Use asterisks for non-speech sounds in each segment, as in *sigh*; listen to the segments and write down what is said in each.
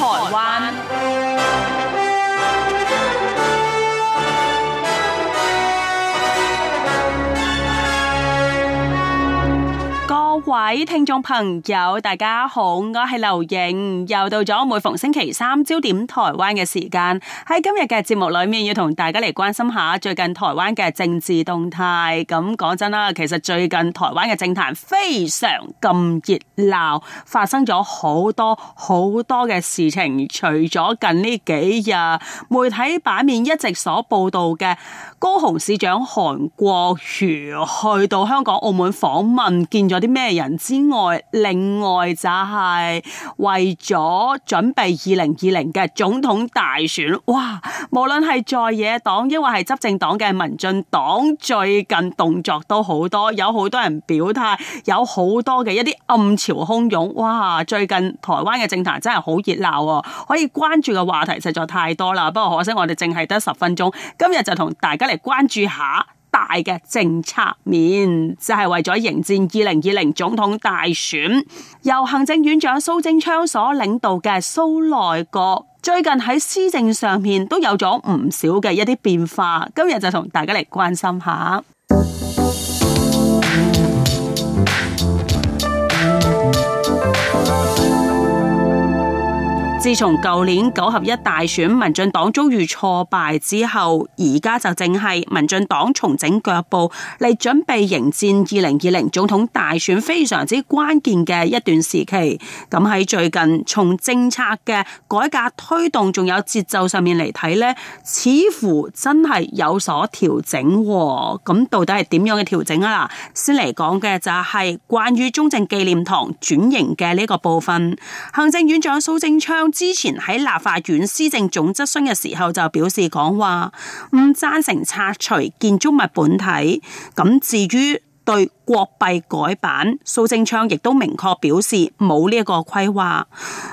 台灣。位聽眾朋友，大家好，我係劉穎，又到咗每逢星期三焦點台灣嘅時間。喺今日嘅節目裏面，要同大家嚟關心一下最近台灣嘅政治動態。咁講真啦，其實最近台灣嘅政壇非常咁熱鬧，發生咗好多好多嘅事情。除咗近呢幾日媒體版面一直所報道嘅高雄市長韓國瑜去到香港澳門訪問，見咗啲咩人？之外，另外就係為咗準備二零二零嘅總統大選，哇！無論係在野黨，抑或係執政黨嘅民進黨，最近動作都好多，有好多人表態，有好多嘅一啲暗潮洶湧，哇！最近台灣嘅政壇真係好熱鬧，可以關注嘅話題實在太多啦。不過可惜我哋淨係得十分鐘，今日就同大家嚟關注一下。大嘅政策面，就係、是、為咗迎戰二零二零總統大選，由行政院長蘇貞昌所領導嘅蘇內閣，最近喺施政上面都有咗唔少嘅一啲變化，今日就同大家嚟關心下。自從舊年九合一大選，民進黨遭遇挫敗之後，而家就正係民進黨重整腳步嚟準備迎戰二零二零總統大選非常之關鍵嘅一段時期。咁喺最近從政策嘅改革推動，仲有節奏上面嚟睇，咧，似乎真係有所調整。咁到底係點樣嘅調整啊？嗱，先嚟講嘅就係關於中正紀念堂轉型嘅呢個部分。行政院長蘇貞昌。之前喺立法院施政總質詢嘅時候就表示講話唔贊成拆除建築物本體，咁至於對。國幣改版，蘇貞昌亦都明確表示冇呢個規劃。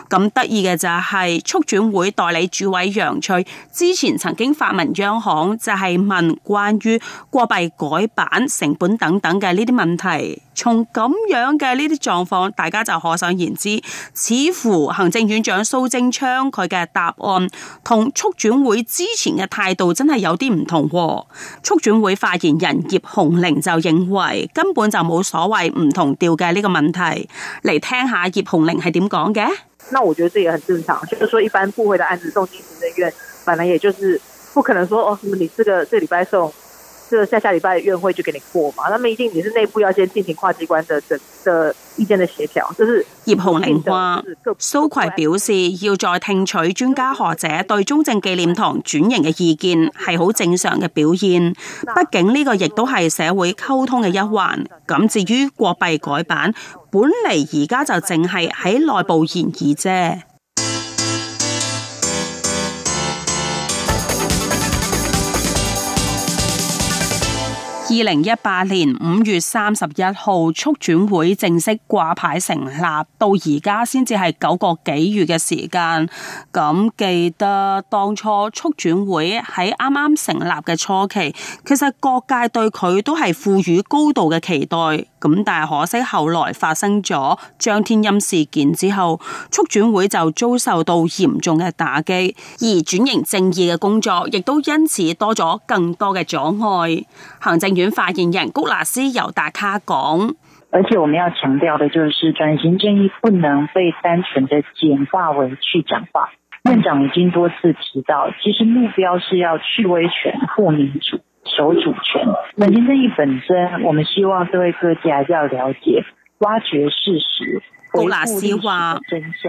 咁得意嘅就係、是，促轉會代理主委楊翠之前曾經發文央行，就係、是、問關於國幣改版成本等等嘅呢啲問題。從咁樣嘅呢啲狀況，大家就可想而知，似乎行政院長蘇貞昌佢嘅答案同促轉會之前嘅態度真係有啲唔同。促轉會發言人葉紅玲就認為，根本。就冇所謂唔同調嘅呢個問題，嚟聽一下葉紅玲係點講嘅。那我覺得這也很正常，就是說一般部會的案子送精神病院，本來也就是不可能說哦，你這個這禮拜送。就下下禮拜院會就給你過嘛，那麼一定你是內部要先進行跨機關的整個意見的協調，就是葉紅玲話，蘇揆表示要再聽取專家學者對中正紀念堂轉型嘅意見係好正常嘅表現，畢竟呢個亦都係社會溝通嘅一環。咁至於國幣改版，本嚟而家就淨係喺內部言議啫。二零一八年五月三十一號，促轉會正式掛牌成立，到而家先至係九個幾月嘅時間。咁記得當初促轉會喺啱啱成立嘅初期，其實各界對佢都係賦予高度嘅期待。咁但係可惜後來發生咗張天欽事件之後，促轉會就遭受到嚴重嘅打擊，而轉型正義嘅工作亦都因此多咗更多嘅阻礙。行政院發言人谷納斯尤達卡講：而且我們要強調的就是，轉型正義不能被單純的簡化為去蔣化。院長已經多次提到，其實目標是要去威權、護民主、守主權。轉型正義本身，我們希望各位各界還是要了解、挖掘事實。古納斯話：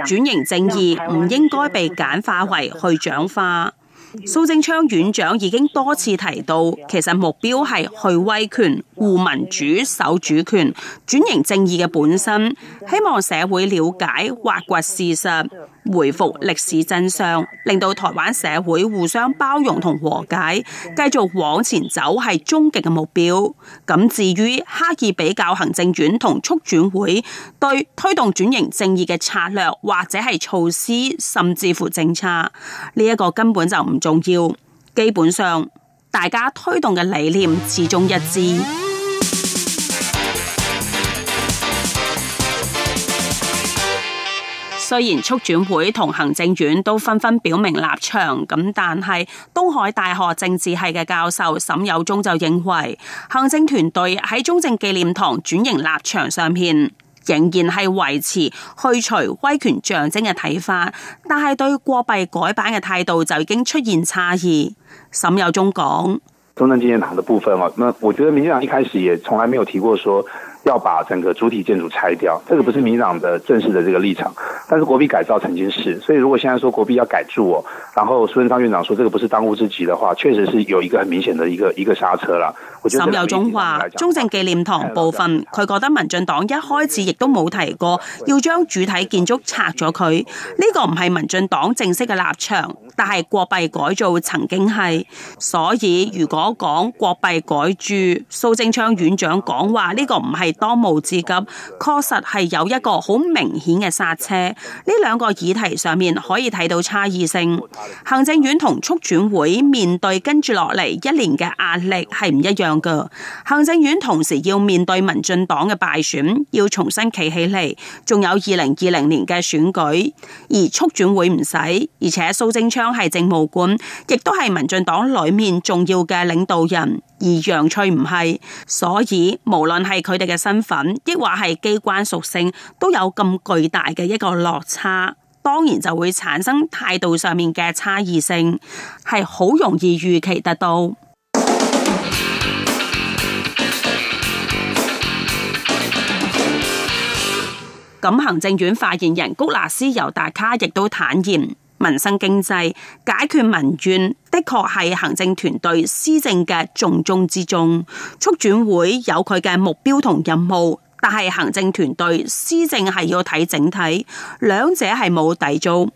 轉型正義唔應該被簡化為去蔣化。蘇貞昌院長已經多次提到，其實目標係去威權、護民主、守主權、轉型正義嘅本身，希望社會了解、挖掘事實、回復歷史真相，令到台灣社會互相包容同和,和解，繼續往前走係終極嘅目標。咁至於刻意比較行政院同促轉會對推動轉型正義嘅策略或者係措施，甚至乎政策呢一、這個根本就唔。重要。基本上，大家推動嘅理念始終一致。雖然促轉會同行政院都紛紛表明立場，咁但係東海大學政治系嘅教授沈有忠就認為，行政團隊喺中正紀念堂轉型立場上面，仍然係維持去除威權象徵嘅睇法，但係對國幣改版嘅態度就已經出現差異。沈有忠講：中正紀念堂嘅部分啊，那我覺得民進黨一開始也從來沒有提過說。要把整個主體建築拆掉，這個不是民黨的正式的這個立場。但是國幣改造曾經是，所以如果現在說國幣要改住哦，然後蘇貞昌院長說這個不是當務之急的話，確實是有一個很明顯的一個一個剎車了。沈有忠話，中正紀念堂部分，佢、yeah, yeah, yeah. 覺得民進黨一開始亦都冇提過要將主體建築拆咗佢，呢、這個唔係民進黨正式嘅立場，但係國幣改造曾經係，所以如果講國幣改住，蘇貞昌院長講話呢、這個唔係。當務之急，確實係有一個好明顯嘅剎車。呢兩個議題上面可以睇到差異性。行政院同促轉會面對跟住落嚟一年嘅壓力係唔一樣噶。行政院同時要面對民進黨嘅敗選，要重新企起嚟，仲有二零二零年嘅選舉。而促轉會唔使，而且蘇貞昌係政務官，亦都係民進黨裏面重要嘅領導人。而楊翠唔係，所以無論係佢哋嘅身份，亦或係機關屬性，都有咁巨大嘅一個落差，當然就會產生態度上面嘅差異性，係好容易預期得到。咁 *music* 行政院發言人谷辣斯·尤達卡亦都坦言。民生經濟解決民怨，的確係行政團隊施政嘅重中之重。促轉會有佢嘅目標同任務，但係行政團隊施政係要睇整體，兩者係冇抵觸。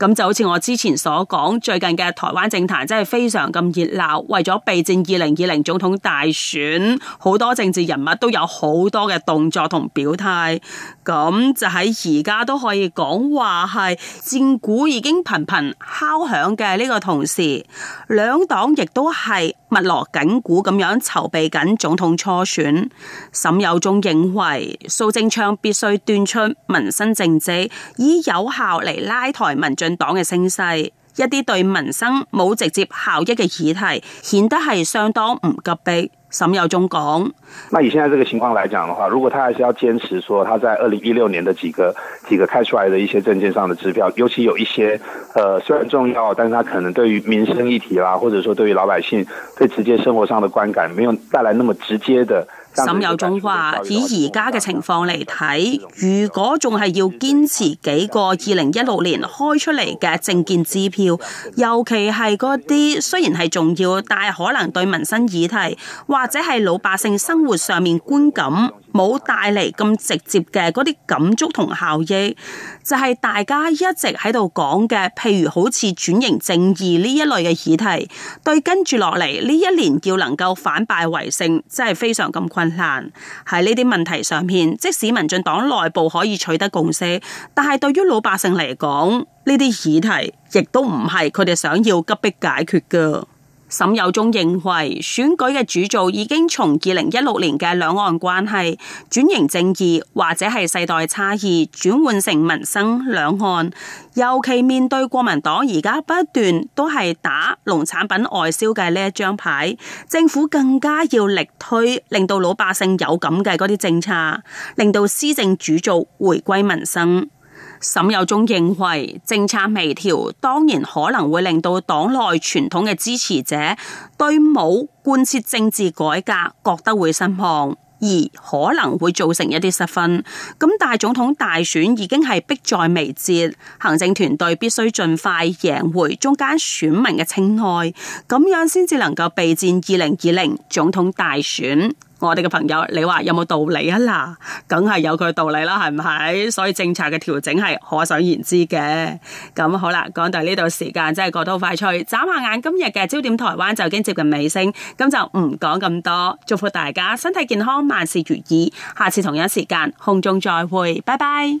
咁就好似我之前所講最近嘅台灣政壇真係非常咁熱鬧，為咗備戰二零二零總統大選，好多政治人物都有好多嘅動作同表態，咁就喺而家都可以講話係戰鼓已經頻頻敲響嘅呢個同時兩黨亦都係密鑼緊鼓咁樣籌備緊總統初選，沈有忠認為蘇貞昌必須端出民生政績，以有效嚟拉台民進黨嘅聲勢，一啲對民生冇直接效益嘅議題，顯得係相當唔急迫。沈有忠講：，那以現在這個情況來講的話，如果他還是要堅持說他在二零一六年的幾個幾個開出來的一些政見上的支票，尤其有一些，呃，雖然重要，但是他可能對於民生議題啦，或者說對於老百姓對直接生活上的觀感，沒有帶來那麼直接的。沈有忠話：，以而家嘅情況嚟睇，如果仲係要堅持幾個二零一六年開出嚟嘅政見支票，尤其係嗰啲雖然係重要，但係可能對民生議題或者係老百姓生活上面觀感冇帶嚟咁直接嘅嗰啲感觸同效益，就係大家一直喺度講嘅，譬如好似轉型正義呢一類嘅議題，對跟住落嚟呢一年要能夠反敗為勝，真係非常咁困難。喺呢啲問題上面，即使民進黨內部可以取得共識，但係對於老百姓嚟講，呢啲議題亦都唔係佢哋想要急迫解決㗎。沈有忠認為，選舉嘅主軸已經從二零一六年嘅兩岸關係、轉型正義或者係世代差異轉換成民生兩岸。尤其面對國民黨而家不斷都係打農產品外銷嘅呢一張牌，政府更加要力推令到老百姓有感嘅嗰啲政策，令到施政主軸回歸民生。沈有忠認為，政策微調當然可能會令到黨內傳統嘅支持者對冇貫徹政治改革覺得會失望，而可能會造成一啲失分。咁大總統大選已經係迫在眉睫，行政團隊必須盡快贏回中間選民嘅青睞，咁樣先至能夠備戰二零二零總統大選。我哋嘅朋友，你話有冇道理啊啦？梗係有佢道理啦，係唔係？所以政策嘅調整係可想而知嘅。咁好啦，講到呢度，時間真係過得好快脆。眨下眼，今日嘅焦點台灣就已經接近尾聲，咁就唔講咁多。祝福大家身體健康，萬事如意。下次同一時間，空中再會，拜拜。